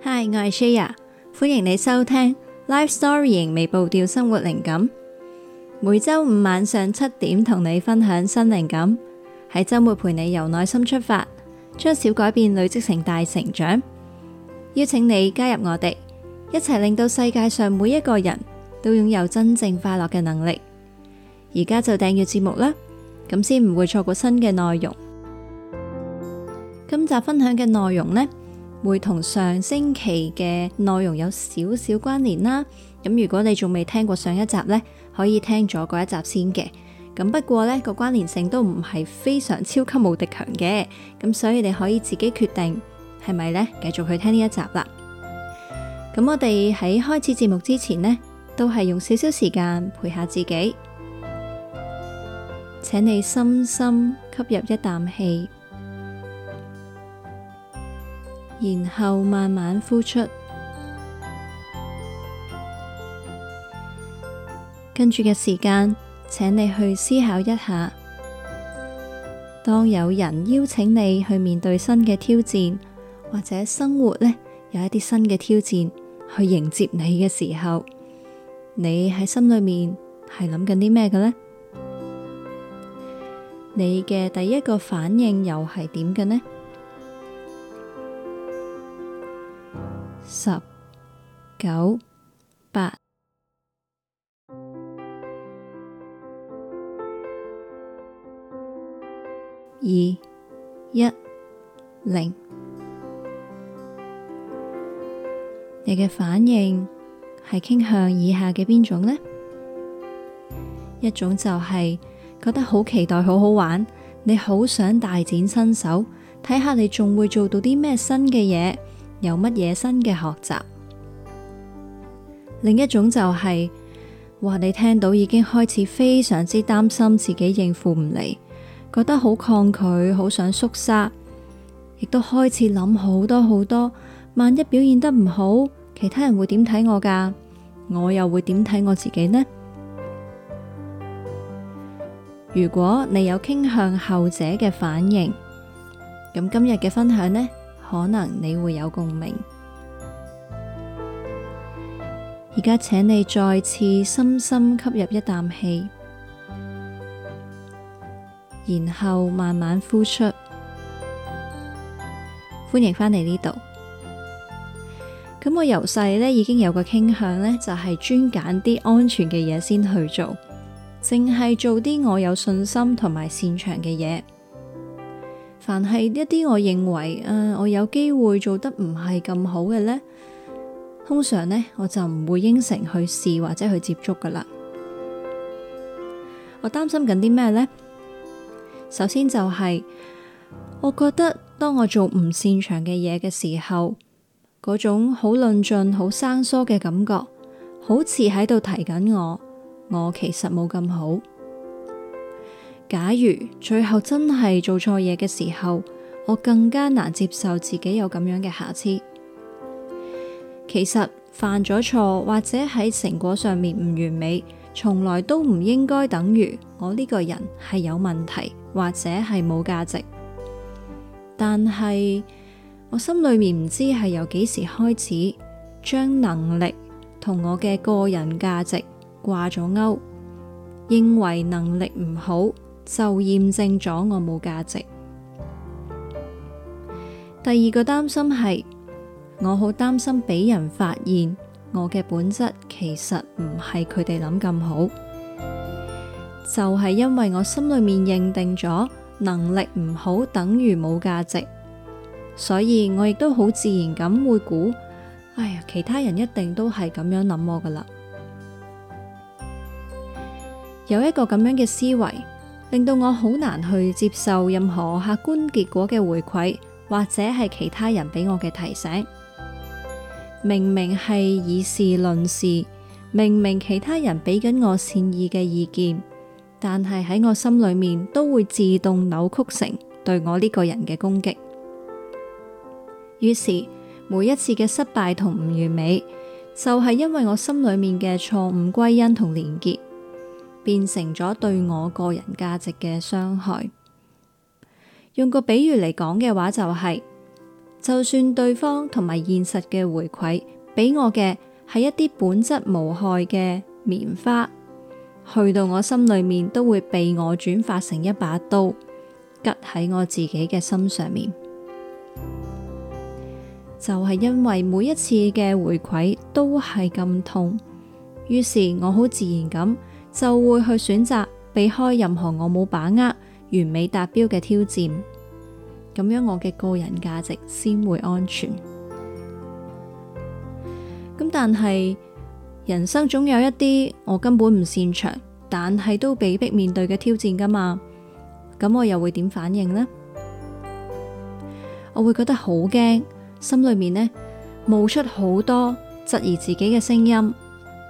Hi，我係 Shaya，歡迎你收聽 Life Story 微步調生活靈感，每周五晚上七點同你分享新靈感，喺周末陪你由內心出發，將小改變累積成大成長。邀請你加入我哋，一齊令到世界上每一個人都擁有真正快樂嘅能力。而家就訂閱節目啦，咁先唔會錯過新嘅內容。今集分享嘅內容呢，會同上星期嘅內容有少少關聯啦。咁如果你仲未聽過上一集呢，可以聽咗嗰一集先嘅。咁不過呢個關聯性都唔係非常超級無敵強嘅。咁所以你可以自己決定係咪呢，繼續去聽呢一集啦。咁我哋喺開始節目之前呢，都係用少少時間陪下自己。請你深深吸入一啖氣。然後慢慢呼出，跟住嘅時間，請你去思考一下。當有人邀請你去面對新嘅挑戰，或者生活呢有一啲新嘅挑戰去迎接你嘅時候，你喺心裏面係諗緊啲咩嘅呢？你嘅第一個反應又係點嘅呢？十九八二一零，你嘅反應係傾向以下嘅邊種呢？一種就係覺得好期待，好好玩，你好想大展身手，睇下你仲會做到啲咩新嘅嘢。有乜嘢新嘅學習？另一種就係話，哇！你聽到已經開始非常之擔心自己應付唔嚟，覺得好抗拒，好想縮沙，亦都開始諗好多好多。萬一表現得唔好，其他人會點睇我㗎？我又會點睇我自己呢？如果你有傾向後者嘅反應，咁今日嘅分享呢？可能你會有共鳴。而家請你再次深深吸入一啖氣，然後慢慢呼出。歡迎返嚟呢度。咁我由細呢已經有個傾向呢，就係專揀啲安全嘅嘢先去做，淨係做啲我有信心同埋擅長嘅嘢。凡係一啲我認為誒、呃，我有機會做得唔係咁好嘅呢，通常呢，我就唔會應承去試或者去接觸噶啦。我擔心緊啲咩呢？首先就係、是、我覺得，當我做唔擅長嘅嘢嘅時候，嗰種好論盡、好生疏嘅感覺，好似喺度提緊我，我其實冇咁好。假如最後真係做錯嘢嘅時候，我更加難接受自己有咁樣嘅瑕疵。其實犯咗錯或者喺成果上面唔完美，從來都唔應該等於我呢個人係有問題或者係冇價值。但係我心裏面唔知係由幾時開始，將能力同我嘅個人價值掛咗鈎，認為能力唔好。就驗證咗我冇價值。第二個擔心係，我好擔心俾人發現我嘅本質其實唔係佢哋諗咁好。就係因為我心裏面認定咗能力唔好等於冇價值，所以我亦都好自然咁會估，哎呀，其他人一定都係咁樣諗我噶啦。有一個咁樣嘅思維。令到我好難去接受任何客觀結果嘅回饋，或者係其他人俾我嘅提醒。明明係以事論事，明明其他人俾緊我善意嘅意見，但係喺我心裏面都會自動扭曲成對我呢個人嘅攻擊。於是每一次嘅失敗同唔完美，就係因為我心裏面嘅錯誤歸因同連結，變成咗對我個人價值嘅傷害。用個比喻嚟講嘅話，就係，就係就算對方同埋現實嘅回饋俾我嘅係一啲本質無害嘅棉花，去到我心裏面都會被我轉化成一把刀，吉喺我自己嘅心上面。就係、係、因為每一次嘅回饋都係咁痛，於是我好自然咁。就會去選擇避開任何我冇把握、完美達標嘅挑戰，咁樣我嘅個人價值先會安全。咁但係人生總有一啲我根本唔擅長，但係都被逼面對嘅挑戰㗎嘛。咁我又會點反應呢？我會覺得好驚，心裏面呢，冒出好多質疑自己嘅聲音。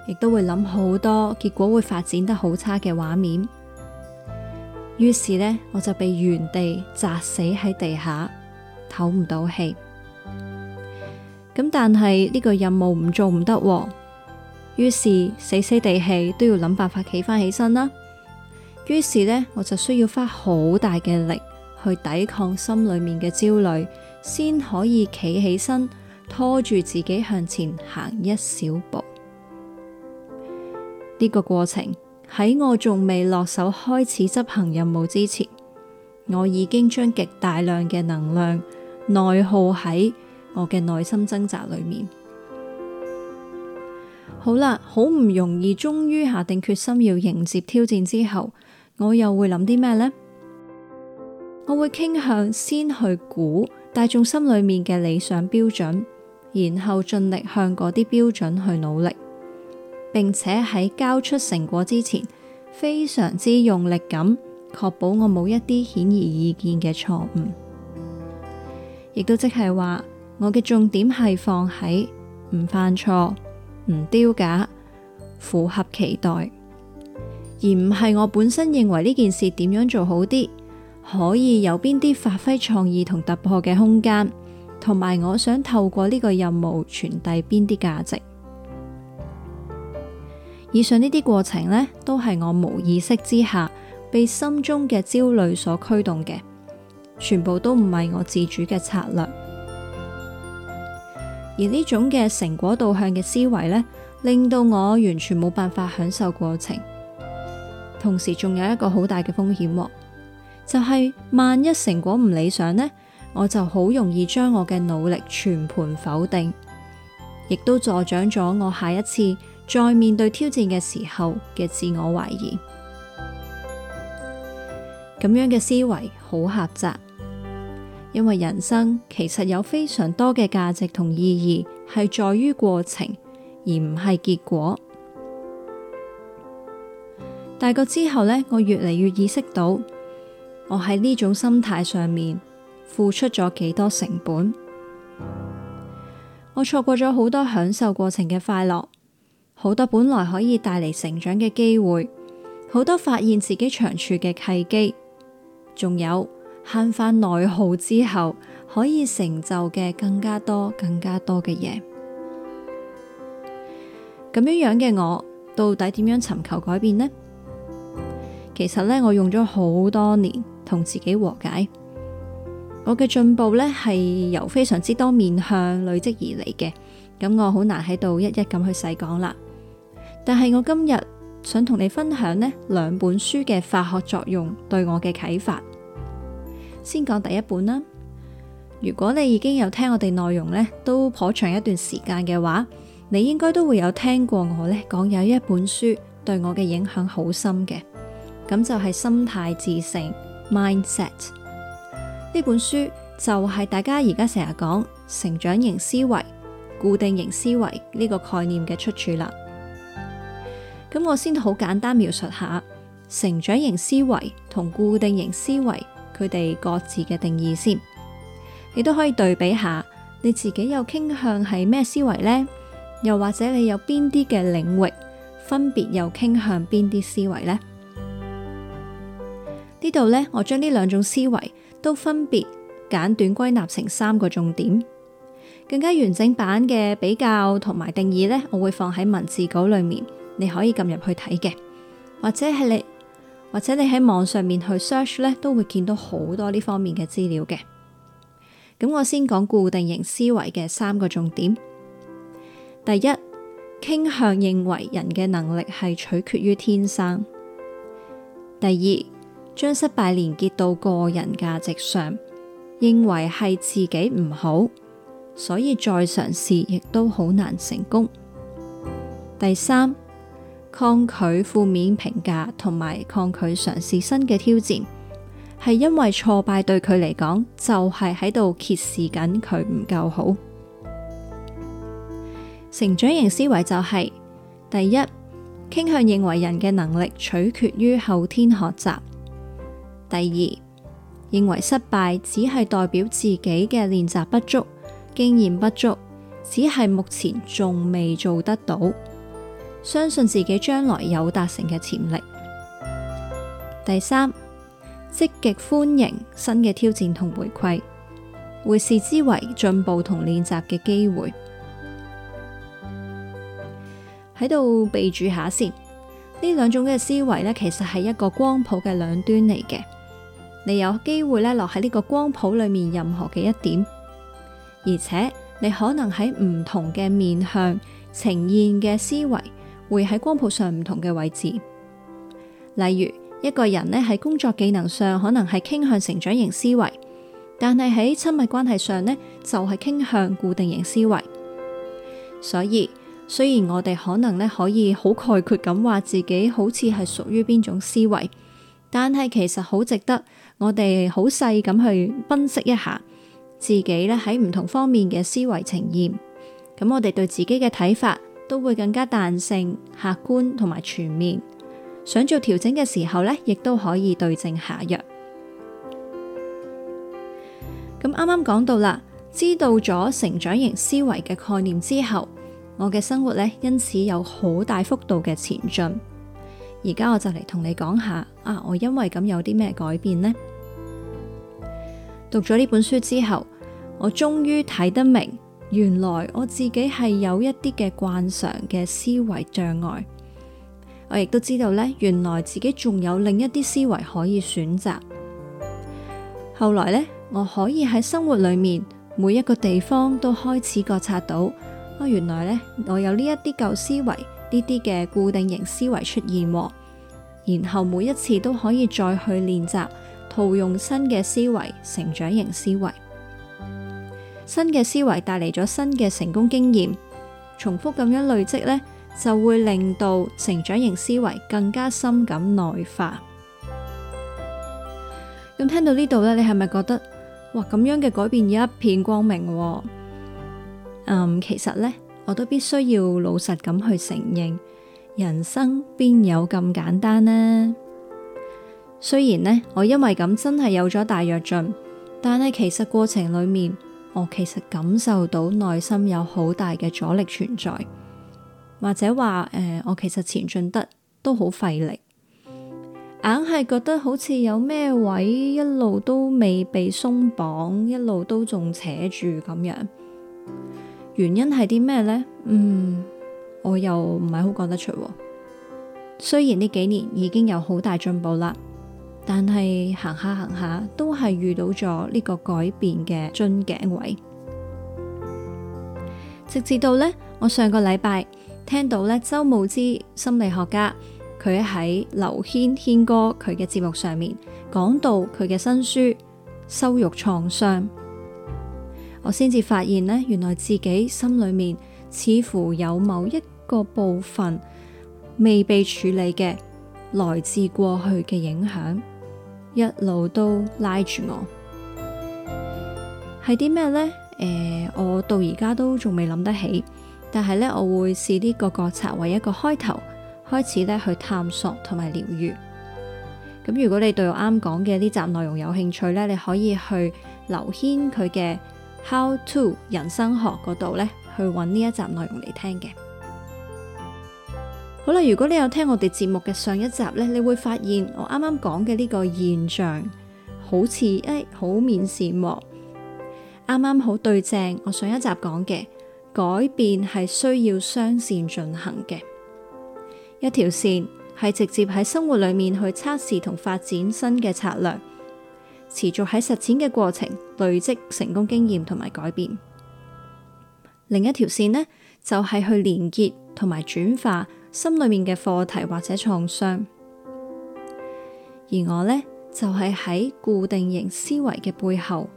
亦都會諗好多，結果會發展得好差嘅畫面。於是呢，我就被原地砸死喺地下，唞唔到氣。咁但係呢個任務唔做唔得，於是死死地氣都要諗辦法企翻起身啦。於是呢，我就需要花好大嘅力去抵抗心裏面嘅焦慮，先可以企起身，拖住自己向前行一小步。呢個過程喺我仲未落手開始執行任務之前，我已經將極大量嘅能量內耗喺我嘅內心掙扎裏面。好啦，好唔容易，終於下定決心要迎接挑戰之後，我又會諗啲咩呢？我會傾向先去估大眾心裏面嘅理想標準，然後盡力向嗰啲標準去努力。並且喺交出成果之前，非常之用力咁確保我冇一啲顯而易見嘅錯誤，亦都即係話我嘅重點係放喺唔犯錯、唔丟架、符合期待，而唔係我本身認為呢件事點樣做好啲，可以有邊啲發揮創意同突破嘅空間，同埋我想透過呢個任務傳遞邊啲價值。以上呢啲過程呢，都係我無意識之下被心中嘅焦慮所驅動嘅，全部都唔係我自主嘅策略。而呢種嘅成果導向嘅思維呢，令到我完全冇辦法享受過程，同時仲有一個好大嘅風險喎，就係萬一成果唔理想呢，我就好容易將我嘅努力全盤否定，亦都助長咗我下一次。在面對挑戰嘅時候嘅自我懷疑，咁樣嘅思維好狹窄，因為人生其實有非常多嘅價值同意義係在於過程，而唔係結果。大個之後呢，我越嚟越意識到，我喺呢種心態上面付出咗幾多成本，我錯過咗好多享受過程嘅快樂。好多本來可以帶嚟成長嘅機會，好多發現自己長處嘅契機，仲有慳翻內耗之後可以成就嘅更加多、更加多嘅嘢。咁樣樣嘅我到底點樣尋求改變呢？其實呢，我用咗好多年同自己和解，我嘅進步呢，係由非常之多面向累積而嚟嘅，咁我好難喺度一一咁去細講啦。但係我今日想同你分享呢兩本書嘅化學作用對我嘅啟發。先講第一本啦。如果你已經有聽我哋內容呢，都頗長一段時間嘅話，你應該都會有聽過我呢講有一本書對我嘅影響好深嘅，咁就係、是、心態致勝 （Mindset） 呢本書就係大家而家成日講成長型思維、固定型思維呢個概念嘅出處啦。咁我先好簡單描述下成長型思維同固定型思維佢哋各自嘅定義先，你都可以對比下你自己又傾向係咩思維呢？又或者你有邊啲嘅領域分別又傾向邊啲思維呢？呢度呢，我將呢兩種思維都分別簡短歸納成三個重點，更加完整版嘅比較同埋定義呢，我會放喺文字稿裏面。你可以撳入去睇嘅，或者係你，或者你喺網上面去 search 咧，都會見到好多呢方面嘅資料嘅。咁我先講固定型思維嘅三個重點：第一，傾向認為人嘅能力係取決於天生；第二，將失敗連結到個人價值上，認為係自己唔好，所以再嘗試亦都好難成功；第三，抗拒負面評價同埋抗拒嘗試新嘅挑戰，係因為挫敗對佢嚟講就係喺度揭示緊佢唔夠好。成長型思維就係，第一，傾向認為人嘅能力取決於後天學習；第二，認為失敗只係代表自己嘅練習不足、經驗不足，只係目前仲未做得到。相信自己將來有達成嘅潛力。第三，積極歡迎新嘅挑戰同回饋，會視之為進步同練習嘅機會。喺度 備註下先，呢兩種嘅思維呢，其實係一個光譜嘅兩端嚟嘅。你有機會呢，落喺呢個光譜裏面任何嘅一點，而且你可能喺唔同嘅面向呈現嘅思維。會喺光譜上唔同嘅位置，例如一個人呢，喺工作技能上可能係傾向成長型思維，但係喺親密關係上呢，就係傾向固定型思維。所以雖然我哋可能呢可以好概括咁話自己好似係屬於邊種思維，但係其實好值得我哋好細咁去分析一下自己呢，喺唔同方面嘅思維呈現，咁我哋對自己嘅睇法，都會更加彈性、客觀同埋全面，想做調整嘅時候呢，亦都可以對症下藥。咁啱啱講到啦，知道咗成長型思維嘅概念之後，我嘅生活呢，因此有好大幅度嘅前進。而家我就嚟同你講下啊，我因為咁有啲咩改變呢？讀咗呢本書之後，我終於睇得明。原來我自己係有一啲嘅慣常嘅思維障礙，我亦都知道呢，原來自己仲有另一啲思維可以選擇。後來呢，我可以喺生活裏面每一個地方都開始覺察到，啊，原來呢，我有呢一啲舊思維，呢啲嘅固定型思維出現，然後每一次都可以再去練習，套用新嘅思維，成長型思維。新嘅思維帶嚟咗新嘅成功經驗，重複咁樣累積呢，就會令到成長型思維更加深感內化。咁聽到呢度呢，你係咪覺得哇咁樣嘅改變一片光明？嗯，其實呢我都必須要老實咁去承認，人生邊有咁簡單呢？雖然呢我因為咁真係有咗大躍進，但係其實過程裏面。我其實感受到內心有好大嘅阻力存在，或者話誒、呃，我其實前進得都好費力，硬係覺得好似有咩位一路都未被鬆綁，一路都仲扯住咁樣。原因係啲咩呢？嗯，我又唔係好講得出。雖然呢幾年已經有好大進步啦。但係行下行下，都係遇到咗呢個改變嘅樽頸位，直至到呢，我上個禮拜聽到呢，周慕姿心理學家佢喺劉軒哥佢嘅節目上面講到佢嘅新書《羞辱創傷》，我先至發現呢，原來自己心裏面似乎有某一個部分未被處理嘅來自過去嘅影響。一路都拉住我，係啲咩呢？誒、欸，我到而家都仲未諗得起，但係呢，我會視呢個覺察為一個開頭，開始咧去探索同埋療愈。咁如果你對我啱講嘅呢集內容有興趣呢，你可以去劉軒佢嘅 How to 人生學嗰度呢，去揾呢一集內容嚟聽嘅。好啦，如果你有聽我哋節目嘅上一集呢，你會發現我啱啱講嘅呢個現象，好似誒好面善喎。啱啱好對正我上一集講嘅改變係需要雙線進行嘅，一條線係直接喺生活裏面去測試同發展新嘅策略，持續喺實踐嘅過程累積成功經驗同埋改變；另一條線呢，就係去連結同埋轉化。心裏面嘅課題或者創傷，而我呢，就係喺固定型思維嘅背後，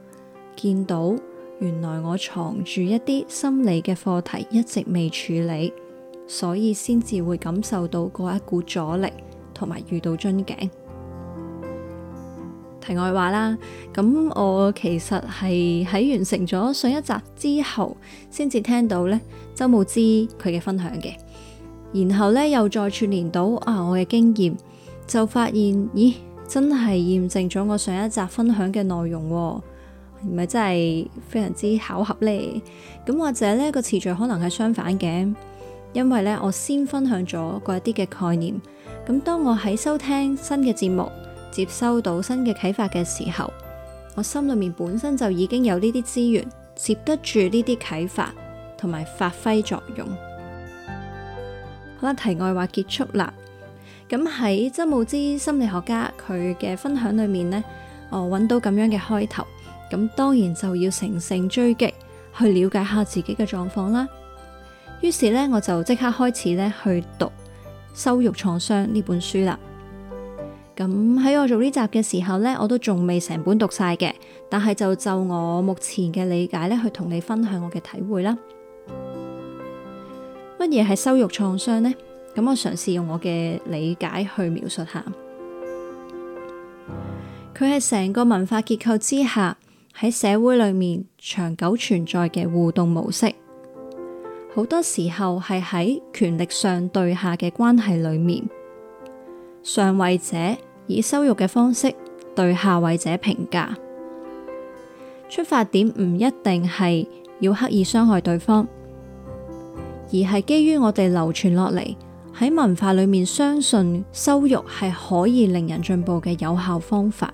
見到原來我藏住一啲心理嘅課題一直未處理，所以先至會感受到嗰一股阻力，同埋遇到樽頸。題外話啦，咁我其實係喺完成咗上一集之後，先至聽到呢周慕姿佢嘅分享嘅。然後呢，又再串聯到啊，哦，我嘅經驗就發現，咦，真係驗證咗我上一集分享嘅內容，哦，唔係真係非常之巧合呢。咁或者呢個次序可能係相反嘅，因為呢，我先分享咗嗰一啲嘅概念，咁當我喺收聽新嘅節目，接收到新嘅啟發嘅時候，我心裏面本身就已經有呢啲資源，接得住呢啲啟發，同埋發揮作用。我題外話結束啦。咁喺周慕姿心理學家佢嘅分享裏面呢，我揾到咁樣嘅開頭，咁當然就要乘勝追擊去了解下自己嘅狀況啦。於是呢，我就即刻開始呢去讀《羞辱創傷》呢本書啦。咁喺我做呢集嘅時候呢，我都仲未成本讀晒嘅，但係就就我目前嘅理解呢，去同你分享我嘅體會啦。乜嘢係羞辱創傷呢？咁我嘗試用我嘅理解去描述下，佢係成個文化結構之下喺社會裏面長久存在嘅互動模式。好多時候係喺權力上對下嘅關係裏面，上位者以羞辱嘅方式對下位者評價，出發點唔一定係要刻意傷害對方。而係基於我哋流傳落嚟喺文化裏面，相信羞辱係可以令人進步嘅有效方法。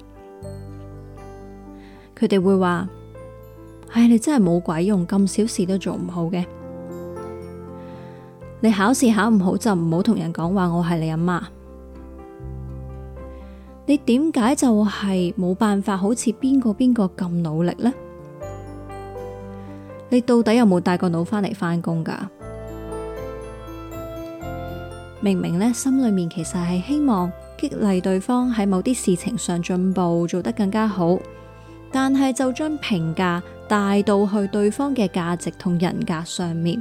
佢哋會話：唉，你真係冇鬼用，咁小事都做唔好嘅。你考試考唔好就唔好同人講話，我係你阿媽。你點解就係冇辦法，好似邊個邊個咁努力呢？你到底有冇帶個腦返嚟返工㗎？明明呢，心裏面其實係希望激勵對方喺某啲事情上進步，做得更加好，但係就將評價帶到去對方嘅價值同人格上面，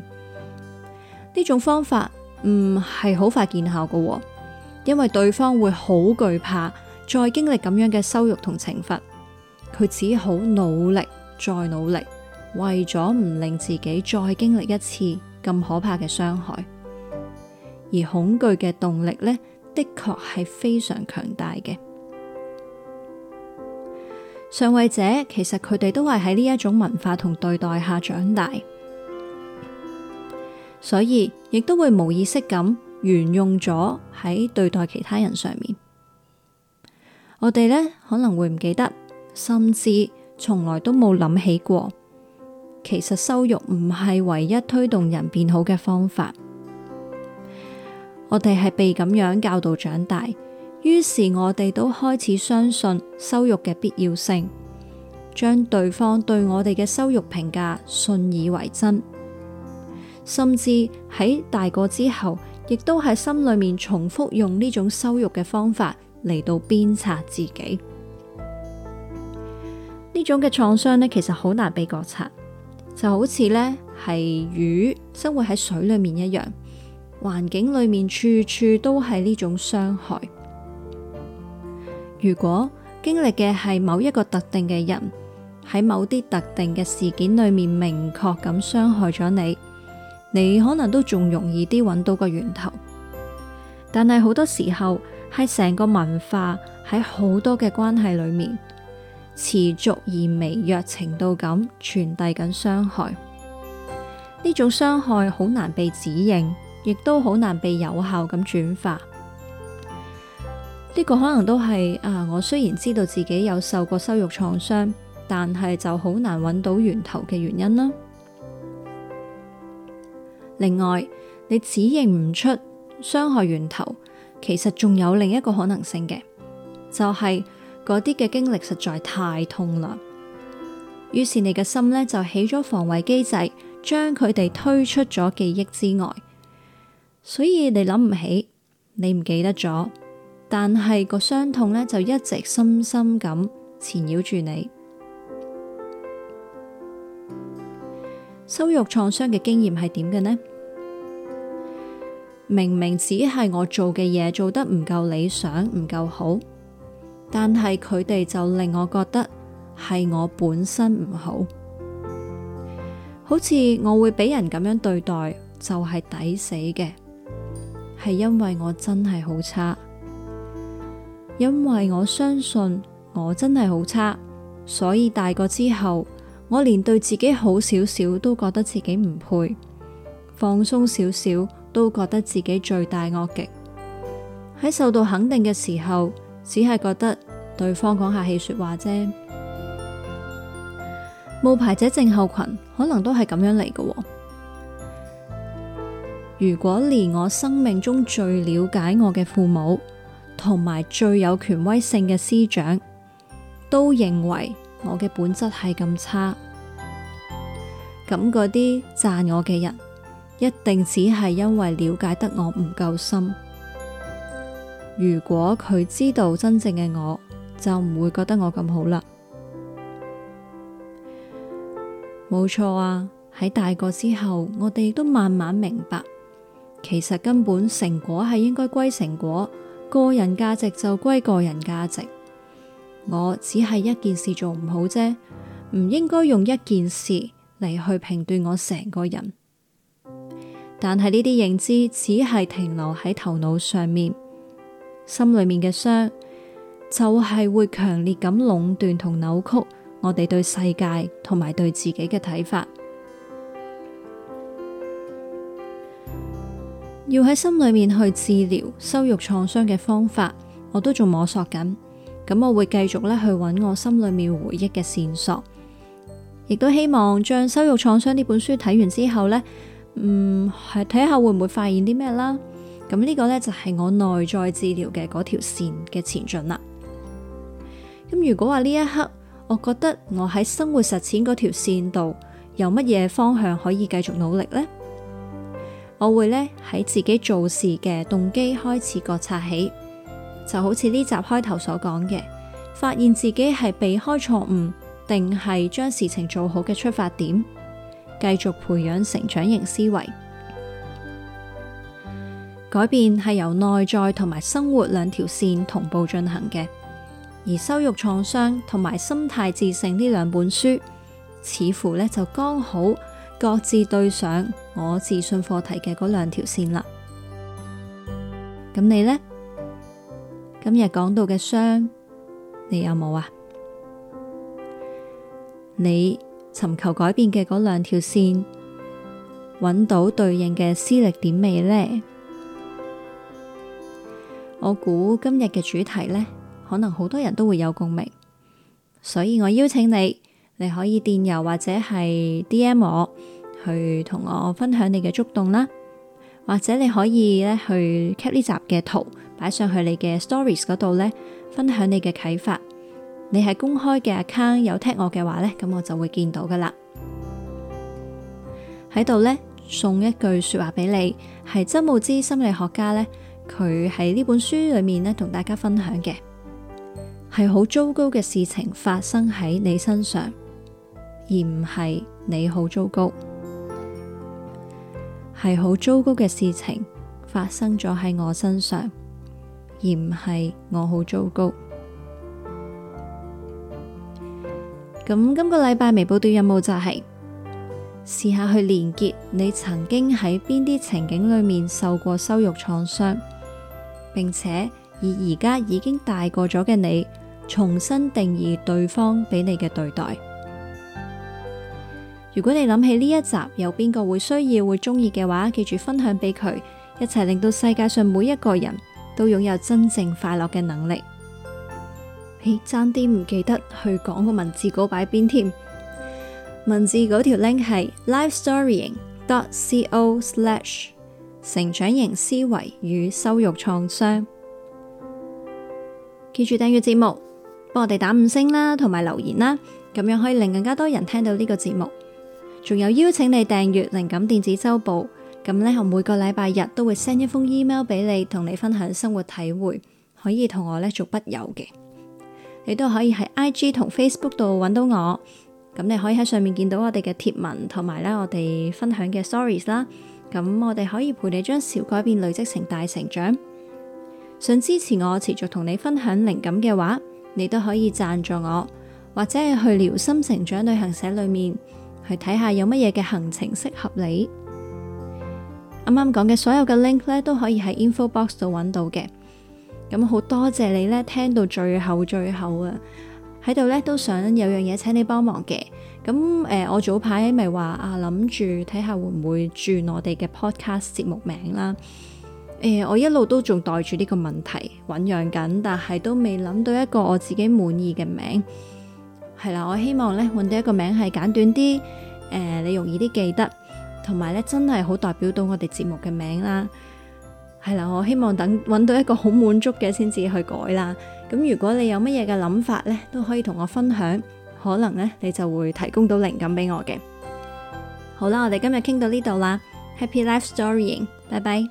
呢種方法唔係好快見效㗎喎，因為對方會好懼怕再經歷咁樣嘅羞辱同懲罰，佢只好努力再努力，為咗唔令自己再經歷一次咁可怕嘅傷害。而恐懼嘅動力呢，的確係非常強大嘅。上位者其實佢哋都係喺呢一種文化同對待下長大，所以亦都會無意識咁沿用咗喺對待其他人上面。我哋呢可能會唔記得，甚至從來都冇諗起過，其實羞辱唔係唯一推動人變好嘅方法。我哋係被咁樣教導長大，於是我哋都開始相信羞辱嘅必要性，將對方對我哋嘅羞辱評價信以為真，甚至喺大個之後，亦都喺心裏面重複用呢種羞辱嘅方法嚟到鞭策自己。呢種嘅創傷呢，其實好難被覺察，就好似呢係魚生活喺水裏面一樣。環境裏面處處都係呢種傷害。如果經歷嘅係某一個特定嘅人喺某啲特定嘅事件裏面明確咁傷害咗你，你可能都仲容易啲揾到個源頭。但係好多時候係成個文化喺好多嘅關係裏面持續而微弱程度咁傳遞緊傷害，呢種傷害好難被指認亦都好難被有效咁轉化，呢個可能都係啊。我雖然知道自己有受過羞辱創傷，但係就好難揾到源頭嘅原因啦。另外，你指認唔出傷害源頭，其實仲有另一個可能性嘅，就係嗰啲嘅經歷實在太痛啦，於是你嘅心呢，就起咗防衛機制，將佢哋推出咗記憶之外。所以你諗唔起，你唔記得咗，但係個傷痛呢，就一直深深咁纏繞住你。羞辱創傷嘅經驗係點嘅呢？明明只係我做嘅嘢，做得唔夠理想，唔夠好，但係佢哋就令我覺得係我本身唔好，好似我會俾人咁樣對待就係抵死嘅。係因為我真係好差，因為我相信我真係好差，所以大個之後，我連對自己好少少都覺得自己唔配，放鬆少少都覺得自己罪大惡極。喺受到肯定嘅時候，只係覺得對方講客氣說話啫，冒牌者症候群可能都係咁樣嚟㗎。如果連我生命中最了解我嘅父母，同埋最有權威性嘅師長都認為我嘅本質係咁差，咁嗰啲讚我嘅人一定只係因為了解得我唔夠深。如果佢知道真正嘅我，就唔會覺得我咁好啦。冇錯啊，喺大個之後，我哋都慢慢明白。其實根本成果係應該歸成果，個人價值就歸個人價值。我只係一件事做唔好啫，唔應該用一件事嚟去評斷我成個人。但係呢啲認知只係停留喺頭腦上面，心裏面嘅傷就係會強烈咁壟斷同扭曲我哋對世界同埋對自己嘅睇法。要喺心裏面去治療羞辱創傷嘅方法，我都仲摸索緊。咁我會繼續咧去搵我心裏面回憶嘅線索，亦都希望將《羞辱創傷》呢本書睇完之後呢，嗯，係睇下會唔會發現啲咩啦。咁呢個呢，就係我內在治療嘅嗰條線嘅前進啦。咁如果話呢一刻，我覺得我喺生活實踐嗰條線度，有乜嘢方向可以繼續努力呢？我會呢喺自己做事嘅動機開始覺察起，就好似呢集開頭所講嘅，發現自己係避開錯誤，定係將事情做好嘅出發點，繼續培養成長型思維。改變係由內在同埋生活兩條線同步進行嘅，而《羞辱創傷》同埋《心態致勝》呢兩本書，似乎呢就剛好各自對上。我自信課題嘅嗰兩條線啦，咁你呢？今日講到嘅傷，你有冇啊？你尋求改變嘅嗰兩條線，揾到對應嘅私力點未呢？我估今日嘅主題呢，可能好多人都會有共鳴，所以我邀請你，你可以電郵或者係 DM 我。去同我分享你嘅觸動啦，或者你可以咧去 cap 呢集嘅圖擺上去你嘅 stories 嗰度咧，分享你嘅啟發。你係公開嘅 account 有 tag 我嘅話呢，咁我就會見到噶啦。喺度呢，送一句說話俾你，係周慕姿心理學家呢，佢喺呢本書裏面呢同大家分享嘅係好糟糕嘅事情發生喺你身上，而唔係你好糟糕。係好糟糕嘅事情發生咗喺我身上，而唔係我好糟糕。咁今個禮拜微報短任務就係、是、試下去連結你曾經喺邊啲情景裏面受過羞辱創傷，並且以而家已經大個咗嘅你，重新定義對方俾你嘅對待。如果你諗起呢一集有邊個會需要會中意嘅話，記住分享俾佢，一齊令到世界上每一個人都擁有真正快樂嘅能力。誒，爭啲唔記得去講個文字稿擺邊添。文字稿條 link 係 lifestorying.co/ 成長型思維與羞辱創傷。記住訂閱節目，幫我哋打五星啦，同埋留言啦，咁樣可以令更加多人聽到呢個節目。仲有邀請你訂閱靈感電子週報，咁呢我每個禮拜日都會 send 一封 email 俾你，同你分享生活體會，可以同我呢做筆友嘅。你都可以喺 IG 同 Facebook 度揾到我，咁你可以喺上面見到我哋嘅貼文，同埋呢我哋分享嘅 stories 啦。咁我哋可以陪你將小改變累積成大成長。想支持我持續同你分享靈感嘅話，你都可以讚助我，或者係去療心成長旅行社裏面，去睇下有乜嘢嘅行程適合你。啱啱講嘅所有嘅 link 咧，都可以喺 info box 度揾到嘅。咁好多謝你咧，聽到最後最後啊，喺度咧都想有樣嘢請你幫忙嘅。咁誒、呃，我早排咪話啊，諗住睇下會唔會轉我哋嘅 podcast 節目名啦。誒、呃，我一路都仲帶住呢個問題醞釀緊，但係都未諗到一個我自己滿意嘅名。係啦，我希望咧揾到一個名係簡短啲，誒，你容易啲記得，同埋咧真係好代表到我哋節目嘅名啦。係啦，我希望等揾到一個好滿足嘅先至去改啦。咁如果你有乜嘢嘅諗法咧，都可以同我分享，可能咧你就會提供到靈感俾我嘅。好啦，我哋今日傾到呢度啦，Happy Life Storying，拜拜。